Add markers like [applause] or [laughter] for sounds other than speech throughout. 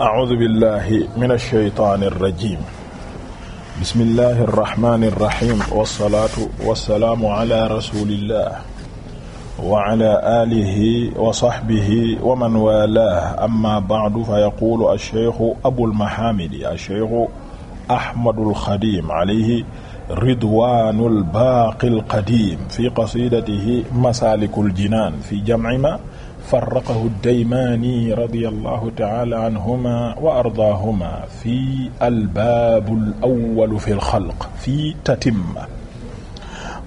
أعوذ بالله من الشيطان الرجيم بسم الله الرحمن الرحيم والصلاة والسلام على رسول الله وعلى آله وصحبه ومن والاه أما بعد فيقول الشيخ أبو المحامد الشيخ أحمد الخديم عليه ridwanu albaaqi alqadim fi qasiidatihi masaalikul jinaan fi jamci ma farraqahu daymaani radiyallahu ta'ala anhuma wa ardaahuma fi albaabul awwal fi lxalq fi tatimma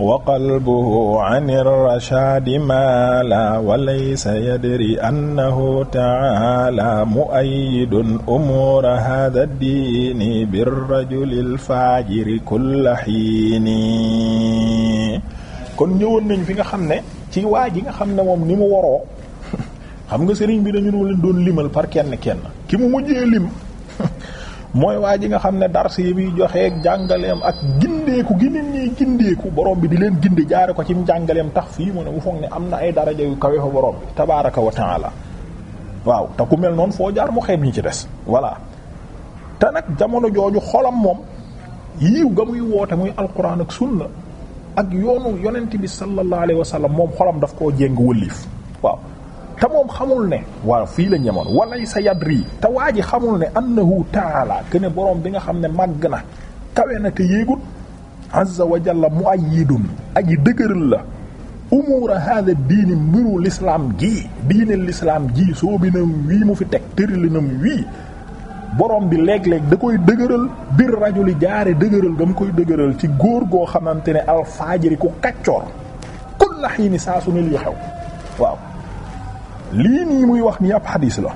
wa qalbuhu an irrashaadi maala wa laysa yadri annahu ta'ala mu'ayyidun umuura haadha ddiini birrajuli lfaajiri kulla hiini kon ñëwoon nañ fi nga xam ne ci waa ji nga xam ne moom ni mu waroo xam nga sëriñ bi dañu leen doon limal par kenn kenn ki mu mujjee lim [laughs] mooy waa ji nga xam ne dars yi bi joxeeg jàngaleem ak gindeeku gi nit ñi gindeeku borom bi di leen ginde jaare ko ci jàngaleem tax fii mu ne mu foog ne am na ay daraja yu kawe fa borom bi tabaaraka wa taala waaw te ku mel noonu foo jaar mu xeeb ñi ci des voilà te nag jamono jooju xolam moom yiw ga muy woote muy alquran ak sunna ak yoonu yonent bi sallallahu alayhi wa sallam moom xolam daf koo jéng wëlliif te moom xamul ne waaw fii la ñemoon walay sa yadri te waa ji xamul ne annahu taala que ne boroom bi nga xam ne màgg na kawe na te yéegut azza wa jalla muayyidun aji dëgëral la umuura hada diini mbiru l'islam gii diine l'islam gii soobinam wii mu fi teg tëralinam wii borom bi léeg-léeg da koy dëgëral bir rajuli jaare dëgëral gam koy dëgëral ci góor goo xamante ne alfaajiri ku kaccoor kulla xiini saa su lii xew waaw lii nii muy wax nii ab xadis la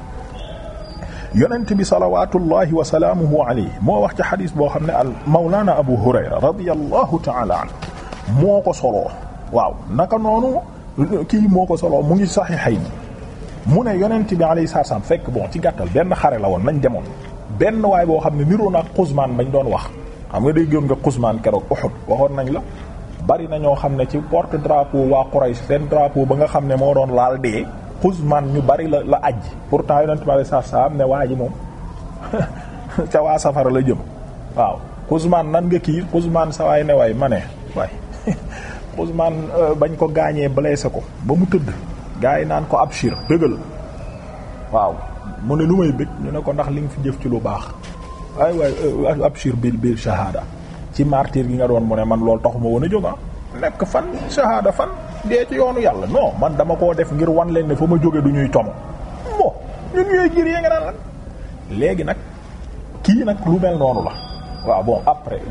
yonent bi salawatullahi wa salaamuhu alayhi moo wax ci xadis boo xam ne al mawlaana abu hurayra radiyallahu taala anhu moo ko soloo waaw naka noonu kii moo ko soloo mu ngi saxiixayn mu ne yonent bi alayhi salaam fekk bon ci gàttal benn xare la woon lañ demoon benn waay boo xam ne niroo na ak Quzmaan bañ doon wax xam nga déggoon nga Quzmaan keroog Uhud waxoon nañ la bari na ñoo xam ne ci porte drapeau waa Quraysh seen drapeau ba nga xam ne moo doon laal dee xuzman ñu bari la la pour pourtant yonent bi alayhi salaam ne waa ji moom [laughs] ca waa safara la jëm waaw xuzman nan nga kii xuzman sa waay ne waay ma ne waay [laughs] euh, bañ ko gaañee blessé ko ba mu tëdd gaa yi naan ko abshir bégal waaw mu ne lu may bég ñu ne ko ndax li nga fi jëf ci lu baax ay waay euh, abshir biir biir shahada ci martir gi nga doon mu ne man loolu taxuma woon a jóg ah nekk fan shahada fan dee ci yoonu yàlla non man dama koo def ngir wan leen ne fa ma jóge du ñuy tom bon ñun yooyu jir yee nga naan léegi nag kii nag lu mel noonu la waaw bon après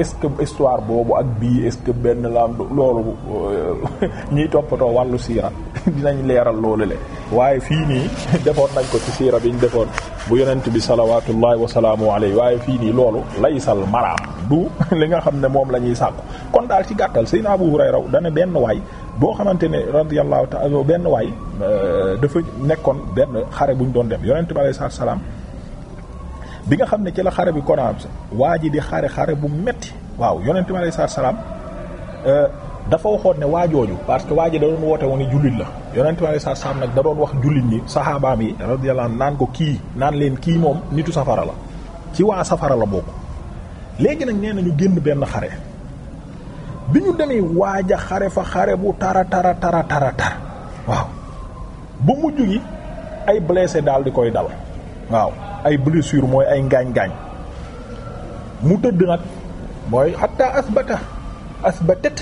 est-ce que histoire boobu ak bii est-ce que benn la loolu euh, [laughs] ñuy toppatoo wàllu siira [laughs] dinañ leeral loolu le waaye fii nii [laughs] defoon nañ ko ci siira biñ defoon bu yonent bi salawatullahi wasalaamu alayhi waaye fii nii loolu laysal maraam du [laughs] li nga xam ne moom la ñuy sàkku kon daal ci gàttal sëyna Abu Hurayra dana benn waay boo xamante ne radiyallahu ta'ala benn waay euh, dafa nekkoon benn xare buñ doon dem yonent bi alayhi salaam bi nga xam ne ci la xare bi konaam waa ji di xare xare bu metti waaw yonent bi alayhi salaam euh, dafa waxoon ne waajooju parce que waa ji da doon woote woon ne jullit la yonent bi saa saam nag da doon wax jullit ñi saxaabaam yi radiyallahu anhu naan ko kii naan leen kii moom nitu safara la ci waa safara la boobu léegi nag nee na génn benn xare bi ñu demee waaja xare fa xare bu tara tara tara tara tara waaw ba mujj gi ay blessé daal di koy dal waaw ay blessure mooy ay ngaañ-ngaañ mu tëdd nag mooy xatta asbata asbatat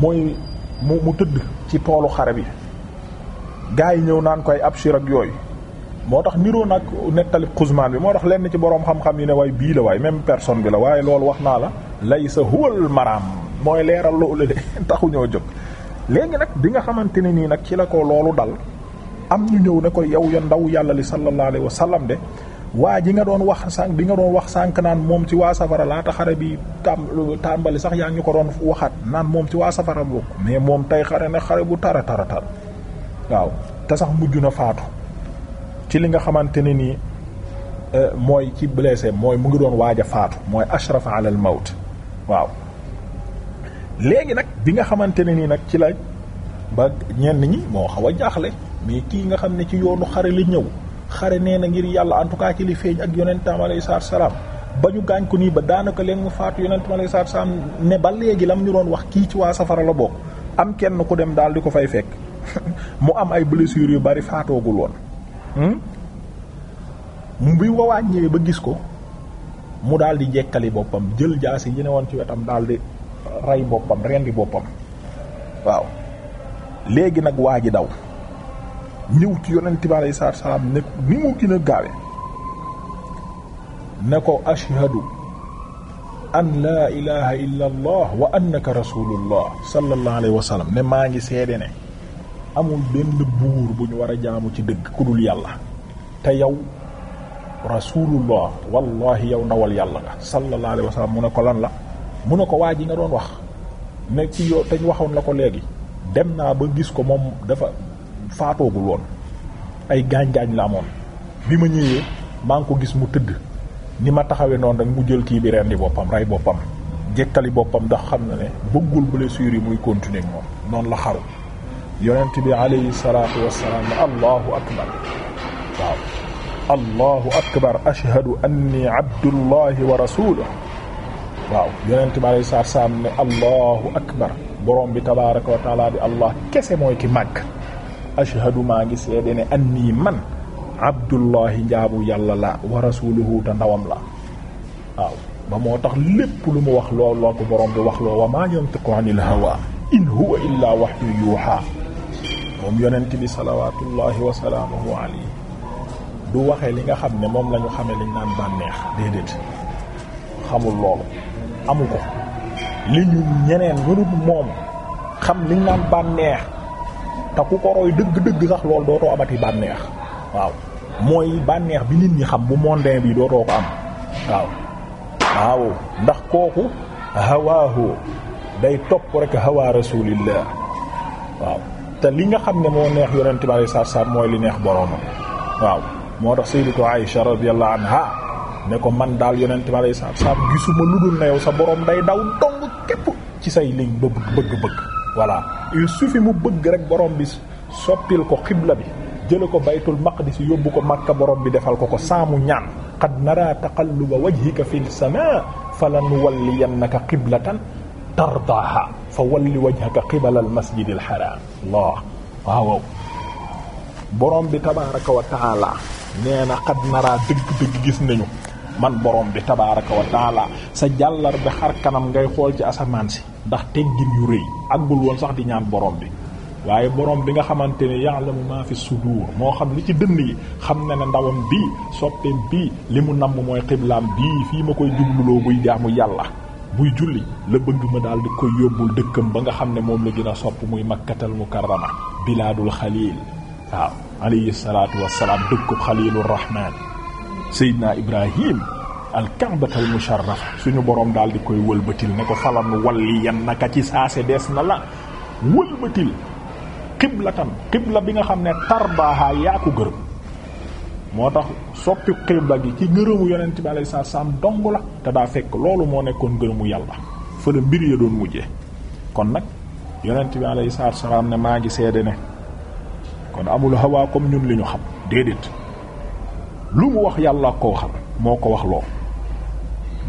mooy mu mu tëdd ci toolu xare bi gaa yi ñëw naan koy abshir ak yooyu moo tax niroo nag nettali xuzmaan bi moo tax lenn ci boroom xam-xam yi ne waaye bii la waaye même personne bi la waaye loolu wax naa la sa huwal maraam mooy leeral loolu de [laughs] taxu ñoo jóg léegi nag bi nga xamante ne nii nag ci la ko loolu dal am ñu ñëw ne ko yow ya ndaw yàllali li sallallahu alayhi wa sallam de waa ji nga doon wax sànq bi nga doon wax sànq naan moom ci waa safara laata xare bi tàmbali sax yaa ngi ñu ko doon waxaat naan moom ci waa safara bokk mais moom tey xare ne xare bu tara tara tar waaw te sax mujj na faatu ci li nga xamante ne nii euh, mooy ci blessé mooy mu ngi waaj a faatu mooy ashraf ala waaw léegi nag bi nga xamante ne nii nag ci la ba ñenn ñi moo xaw a jaaxle mais kii nga xam ne ci yoonu xare li ñëw xare nee na ngir yàlla en tout cas ci li feeñ ak yonentam alayhi salaatu salaam ba ñu gaañ ko nii ba daanaka leen mu faatu yonentam alayhi salaatu salaam ne ba léegi lam ñu doon wax kii ci waa safara la bokk am kenn ku dem daal di ko fay fekk [laughs] mu am ay blessures yu bari faatoogul woon hmm? mu bi wawaañ ñëwee ba gis ko mu daal di jekkali boppam jël jaas yi ne woon ci wetam daal di rey boppam rendi boppam waaw léegi nag waa ji daw ñëw ci yonent bi alayhi salaatu salaam ne ni mu gën a gaawe ne ko ashhadu an laa ilaha illa allah wa annaka rasulullah sallallahu wa sallam ne maa ngi seede ne amul benn buur bu ñu war a jaamu ci dëgg ku dul yàlla te yow rasulullah wallahi yow ndawal yàlla nga sallallahu wa sallam mu ne ko lan la mu ne ko waa ji nga doon wax ne ci yow te ñu waxoon la ko léegi dem naa ba gis ko moom dafa faatoogul woon ay gaañ-gaañ la amoon bi ma ñëwee maa ngi ko gis mu tëdd ni ma taxawee noonu rek mu jël kii bi di boppam rey boppam jekkali boppam ndax xam na ne bëggul blessure yi muy continuer moom noonu la xaru yonent bi alayhi salaatu wassalaam allahu akbar waaw allahu akbar ashhadu anni abdullahi wa rasuluh waaw yonent bi alayhi salaatu wassalaam ne allahu akbar borom bi tabaraka wa taala bi allah kese mooy ki màgg ashhadu maa ngi seede ne annii man abdullahi njaabu yàlla la wa rasuluhu te ndawam la waaw ba moo tax lépp lu mu wax lool loo ko borom bi wax loo wa maa yantiqu anil hawa in huwa illaa wahyu yuuha moom yonent bi salawatullahi wa salaamuhu alayhi du waxee li nga xam ne moom lañu ñu xamee liñ naan bànneex déedéet xamul loolu amu ko li ñu ñeneen ñu moom xam liñ naan bànneex te ku ko roy dëgg-dëgg sax loolu dootoo amati bànneex waaw mooy bànneex bi nit ñi xam bu mondain bi dootoo am waaw kooku hawaahu day rek hawa rasulillah li nga xam ne moo neex yonente bi alayhi salaatu salaam mooy li neex boroomam waaw moo tax sayyidatu Aisha radiyallahu anha ne ko man daal yonente bi alayhi salaatu salaam gisuma lu dul na yow sa borom day daw dong képp ci say liñ bëgg bëgg-bëgg voilà il suffit mu bëgg rek borom bi soppil ko xibla bi jële ko baytul maqdis yóbbu ko makka borom bi defal ko ko saamu ñaan qad nara taqalluba wajhika fi sama falanuwalliyannaka qiblatan tardaha fa walli wajhaka qibala al masjid al haram allah waaw borom bi tabaraka wa taala nee na qad nara dëgg-dëgg gis nañu man borom bi tabaaraka wa taala sa jàllar bi xar kanam ngay xool ci asamaan si ndax teggin yu rëy àggul woon sax di ñaan borom bi waaye borom bi nga xamante ne ya'lamu ma fi sudur moo xam li ci dënn yi xam na ne ndawam bii soppeem bii li mu namm mooy xiblaam bii fii ma koy jubluloo buy jaamu yàlla buy julli la bëgg ma daal di koy yóbbul dëkkam ba nga xam ne moom la gën a sopp muy makkatal mukarrama bilaadul xaliil waaw alayhi salaatu wassalaam dëkkub xaliilur rahmaan Seydina Ibrahim alkaabatal musharraf suñu boroom daal di koy wëlbatil ne ko falan walli yan naka ci saase dees na la wëlbatil qiblatan qibla bi nga xam ne tarbaaha yaa ko gërëm moo tax soppi qibla gi ci ngërëmu yonent bi alayhi salaam dong la te daa fekk loolu moo nekkoon ngërëmu yàlla fële mbir ya doon mujjee kon nag yonent bi alayhi salaam ne maa ngi seede ne kon amul hawaa comme ñun li ñu xam déedéet lu mu wax yàlla ko waxal moo ko wax loo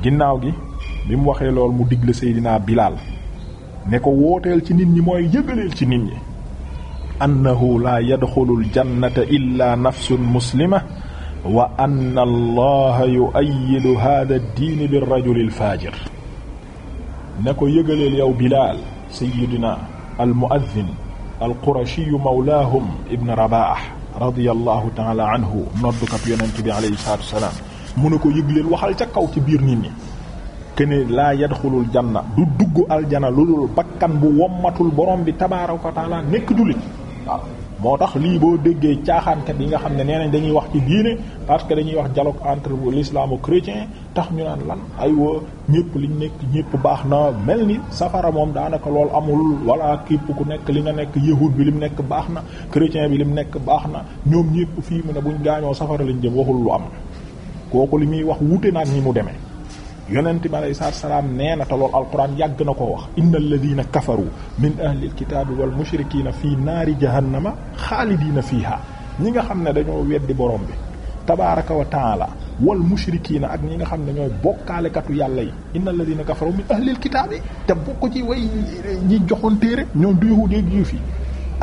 ginnaaw gi bi mu waxee lool mu digle Seydina Bilaal ne ko wooteel ci nit ñi mooy yëgaleel ci nit ñi annahu laa yadxulul jannata illa nafsun muslima wa anna allaha yu'ayyidu hadha ad-diin bir rajulil faajir ne ko yëgaleel yow Bilaal Seydina al mu'adhin mawlaahum ibn Rabaah radiyallahu taala anhu noddukat yonent bi alayhi salaatu salaam mu ne ko yëgleel waxal ca kaw ci biir nit ñi kene laa yadxulul janna du dugg aljana lu dul bakkan bu wommatul borom bi tabaaraka wa taala nekk jullit waaw moo tax lii boo déggee caaxaankat yi nga xam ne nee nañ dañuy wax ci diine parce que dañuy wax dialogue entre l'islamo chrétien tax ñu naan lan aywa ñëpp ñu nekk ñëpp baax na mel ni safara moom daanaka lool amul wala képp ku nekk li nga nekk yahud bi li mu nekk baax na chrétien bi li mu nekk baax na ñoom ñëpp fii mu ne buñ gaañoo safara lañ jëm waxul lu am kooku li muy wax wuute na ak ni mu demee yonente bi alayhi salaatu salaam nee na te loolu alquran yàgg na ko wax inna alladina kafaru min ahli alkitaabi wal mushrikiina fii naari jahannama xaalidiina fiiha ñi nga xam ne dañoo weddi borom bi tabaraka wa taala wal mushrikiina ak ñi nga xam ne ñooy bokkaalekatu yàlla yi inna alladina kafaru min ahli alkitaabi te bokk ci way ñi joxoon téere ñoom du yahuud ak juif yi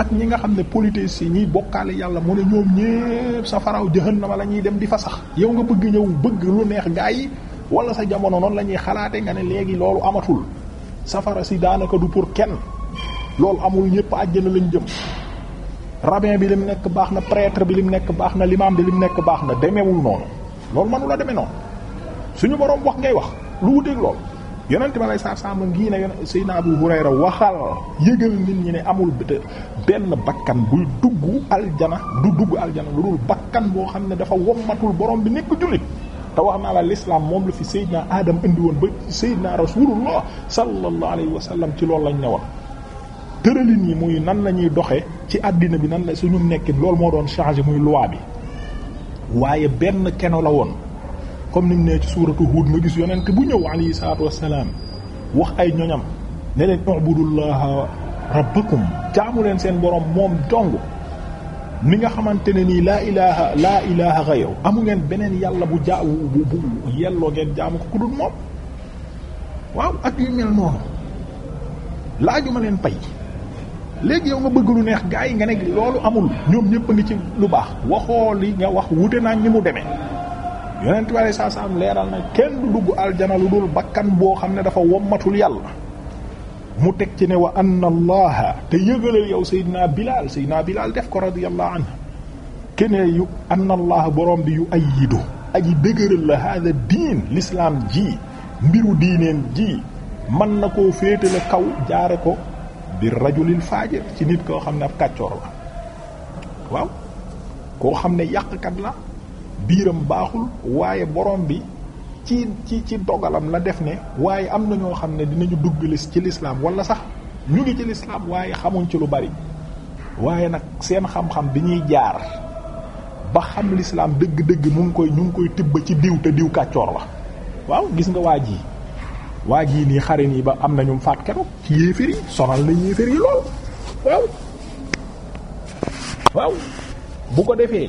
ak ñi nga xam ne politiciens ñiy bokkaale yàlla mu ne ñoom ñépp safaraw jahannama la ñuy dem di fa sax yow nga bëgg ñëw bëgg lu neex gaa yi wala sa jamono noonu la ñuy xalaate nga ne léegi loolu amatul safara si daanaka du pour kenn loolu amul ñëpp àjjana lañ jëm rabbin bi lim nekk baax na prêtre bi lim nekk baax na limaam bi lim nekk baax na demewul noonu loolu mënu la demee noonu suñu boroom wax ngay wax lu wuteeg lool yonent ma lay saa sàmm ngii ne Seydina Abu Hurayra waxal yëgal nit ñi ne amul benn bakkan buy dugg aljana du dugg aljana lu dul bakkan boo xam ne dafa wommatul borom bi nekk jullit te wax naa la lislaam moom la fi Seydina Adam indi woon ba Seydina Rasulullah sallallahu alayhi wa sallam ci loolu lañ ñëwoon. tëralin yi muy nan la ñuy doxee ci àddina bi nan la suñu nekkin lool moo doon changé muy loi bi waaye benn keno la woon kon ni mu ne ci suuratu Huud nga gis yonent bu ñëw alayhi salaatu wassalaam wax ay ñoñam ne leen ubudullaha rabbakum jaamu leen seen borom moom dong. ni nga xamante ne nii laa ilaha laa ilaha ghayru amu ngeen beneen yàlla bu jaaw bu bu yelloo ngeen jaamu ko ku dul moom waaw ak yu mel noonu laaju ma leen pay léegi yow nga bëgg lu neex gaa yi nga ne loolu amul ñoom ñëpp a ngi ci lu baax waxoo li nga wax wute naa ni mu demee yonent bi sallallahu alayhi wasallam leeral na kenn du dugg aljana lu dul bakkan boo xam ne dafa wommatul yàlla mu teg ci ne wa anna allaha te yëgalal yow saydina bilal saydina bilal def ko radiyallahu anhu kene yu anna allaha borom bi yu ayyidu aji dëgëral la hada diin l'islam ji mbiru diineen ji mën na koo féetale kaw jaare ko bi rajulil faajir ci nit koo xam ne ab kàccoor la waaw koo xam ne yàqkat la biiram baaxul waaye borom bi ci ci ci dogalam la def ne waaye am na ñoo xam ne dinañu dugg ci lislaam wala sax ñu ngi ci lislaam waaye xamuñ ci lu bari waaye nag seen xam-xam bi ñuy jaar ba xam lislaam dëgg-dëgg mu ngi koy ñu ngi koy tibb ci diw te diw kàccoor la waaw gis nga waa ji waa jii nii xare yi ba am nañu faat keroog ci yéefér yi sonal na yéefér yi lool waaw waaw bu ko defee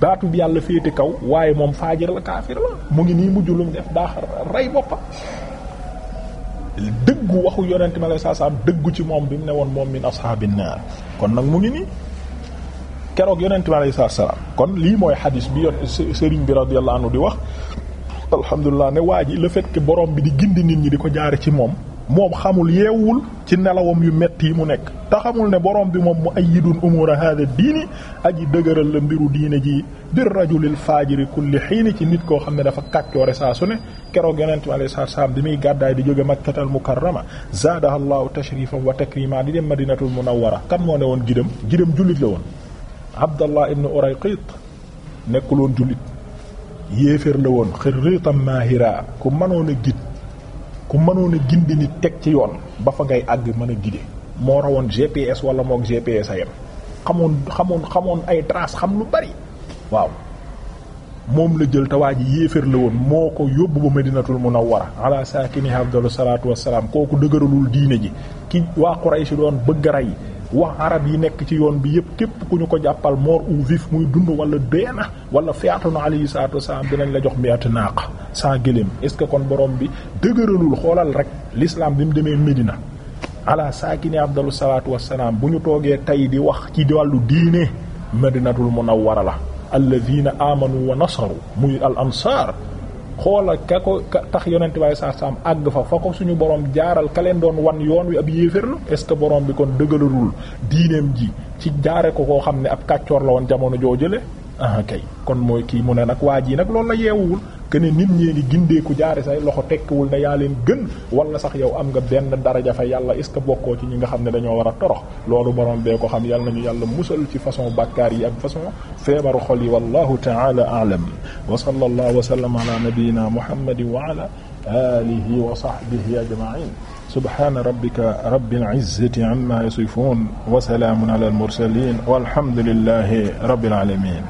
baatu bi yàlla féete kaw waaye moom faajir la kaafir la mu ngi nii mujj lu mu def daa rey boppam dëggu waxu yonente mi alei salaam dëggu ci moom bi mu ne woon moom min ashaabin naar kon nag mu ngi nii keroog yonente mi alei saa salaam kon lii mooy xadis bi yon sëriñ bi radiyallahu anhu di wax alhamdulilah ne waa ji la fait que borom bi di gindi nit ñi di ko jaare ci moom moom xamul yeewul ci nelawam yu metti yi mu nekk te ne borom bi moom mu ayidun umura hada diini aji dëgëral la mbiru diine ji bir rajulil faajiri kulli xiini ci nit koo xam ne dafa kàccoore saa su ne keroog yonent bi bi muy gàddaay di jóge makkatal mukarrama zaadaha allahu tashrifan wa takrima di dem madinatul munawwara kan moo ne woon gidam gidam jullit la woon abdallah ibn urayqit nekkuloon jullit yéeféer la woon xirriitan maahira ku mënoon ku mënoon a gindi nit teg ci yoon ba fa ngay àgg mën a gide moo rawoon GPS wala moog GPS a yem xamoon xamoon ay traces xam lu bari waaw moom la jël tawaa ji yéefér la woon moo ko yóbbu ba madinatul munawwara ala saakini afdalu salaatu wassalaam kooku dëgëralul diine ji ki waa Quraysh doon bëgg a rey wax arab yi nekk ci yoon bi yëpp képp ku ñu ko jàppal mort ou muy dund wala deena wala fiatun alayhi salatu wasalam dinañ la jox miatu naaq sans gëléem est ce que kon borom bi dëgëralul xoolal rek lislaam bi mu demee Médina ala saakini afdalu salatu wasalam bu ñu toogee tey di wax ci wàllu diine madinatul munawwara la alladhina amanu wa nasaru muy al ansar xoolal ka ko tax yonent waaye saa saam àgg fa fa ko suñu borom jaaral ka wan yoon wi ab yéeféer la est-ce que borom bi kon dëgëlarul diineem ji ci jaare ko koo xam ne ab kàccoor la woon jamono joo jële ah kay kon mooy kii mu ne nag waa jii nag lool la yeewuwul que ne nit ñee di gindeeku jaare say loxo tekkiwul na yaa leen gën wala sax yow am nga benn daraja fa yàlla est ce que bokkoo ci ñi nga xam ne dañoo war a torox loolu borom bee xam yàlla nañu yàlla musal ci façon bàkkaar yi ak façon feebaru xol yi wallahu taala aalam wa sallallahu wa sallam ala nabiyyina muhammadin wa ala alihi wa sahbihi ajma'in subhana rabbika rabbil izzati amma yasifun wa salamun ala al mursalin walhamdulillahi rabbil alamin